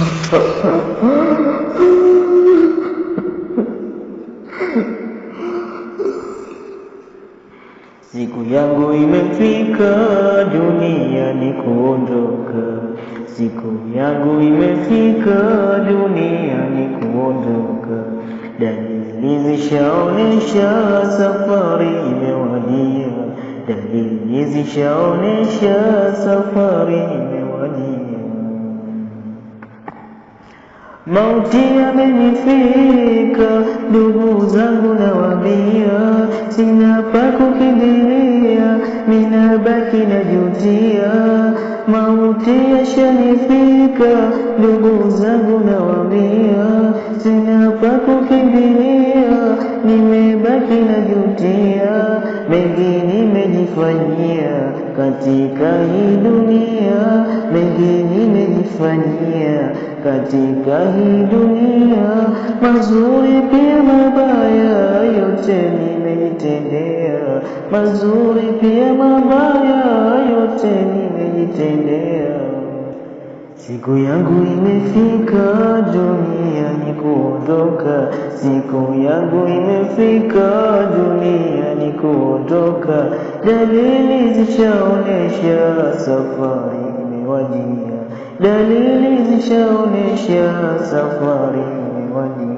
Siku yangu imefika dunia ni kuondoka, siku yangu imefika dunia ni kuondoka. Dalili zishaonesha safari imewadia, dalili zishaonesha safari imewadia. Mauti yamenifika, ndugu zangu nawaambia, sina pa kukimbilia, minabaki najutia. Mauti yashanifika, ndugu zangu nawaambia, sina pa kukimbilia, nimebaki najutia, mengi nimejifanyia katika hii dunia kutufanyia katika hii dunia, mazuri pia mabaya, yote nimejitendea. Mazuri pia mabaya, yote nimejitendea. Siku yangu imefika dunia ni kuondoka, siku yangu imefika dunia ni kuondoka. Dalili zishaonesha safari imewadia dalili zishaonesha safari wani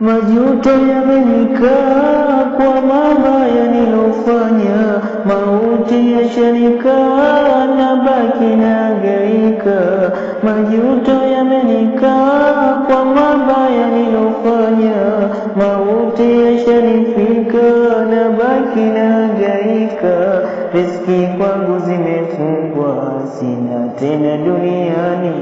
Majuto yamenikaa kwa mama yanilofanya mauti yashanikaa na baki nagaika. Majuto yamenikaa kwa mama yanilofanya mauti yashanifika na baki nagaika. riski kwangu zimefungwa sina tena duniani,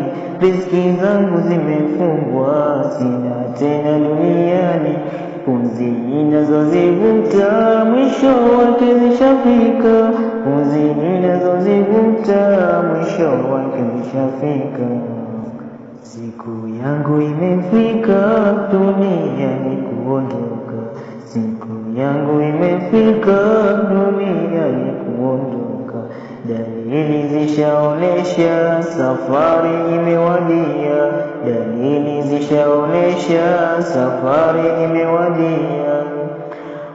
riziki zangu zimefungwa, sina tena duniani. Pumzi ninazozivuta mwisho wake zishafika, pumzi ninazozivuta mwisho wake zishafika. Siku yangu imefika, dunia ni kuondoka. Siku yangu imefika, dunia ni kuondoka zishaonesha safari imewadia, dalili zishaonesha safari imewadia.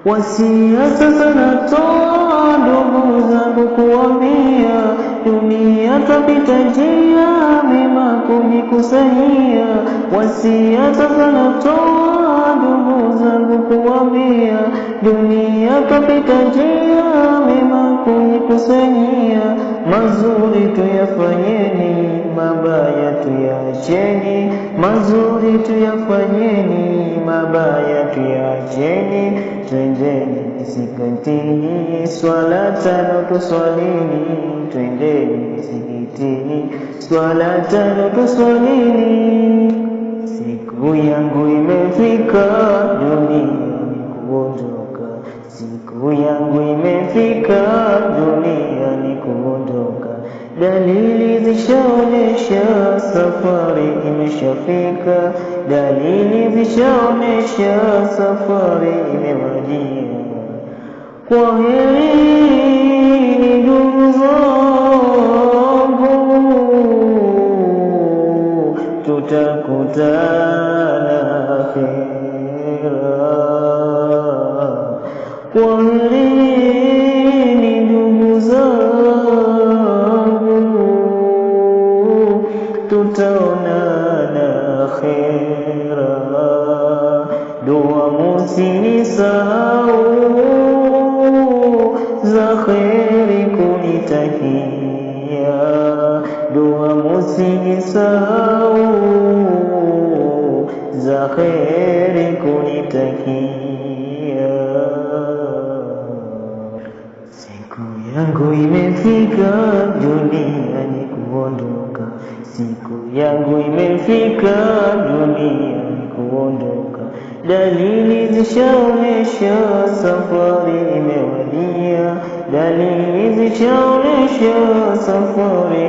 Wasia sasa natoa ndugu zangu kuambia, dunia kapita njia, mema kujikusanyia. Wasia sasa natoa ndugu zangu kuambia, dunia kapita njia, mema kujikusanyia mazuri tuyafanyeni, mabaya tuyaacheni, mazuri tuyafanyeni, mabaya tuyaacheni. Twendeni msikitini, swala tano tuswalini, twendeni msikitini, swala tano tuswalini. Siku yangu imefika kuondoka, dalili zishaonesha safari imeshafika, dalili zishaonesha safari imewajia. Kwa heri ndugu zangu, tutakutana akhera. Kwa heri ومحسن ساو زخير كن تكيا دو محسن ساو زخير كن تكيا siku yangu imefika duniani kuondoka siku yangu imefika duniani kuondoka دليل ذي شون شو وليا موليا دليل ذي شون شو صفوري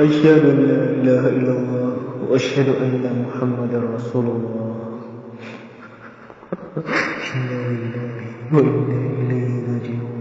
أشهد أن لا إله إلا الله وأشهد أن محمدا رسول الله 呵呵。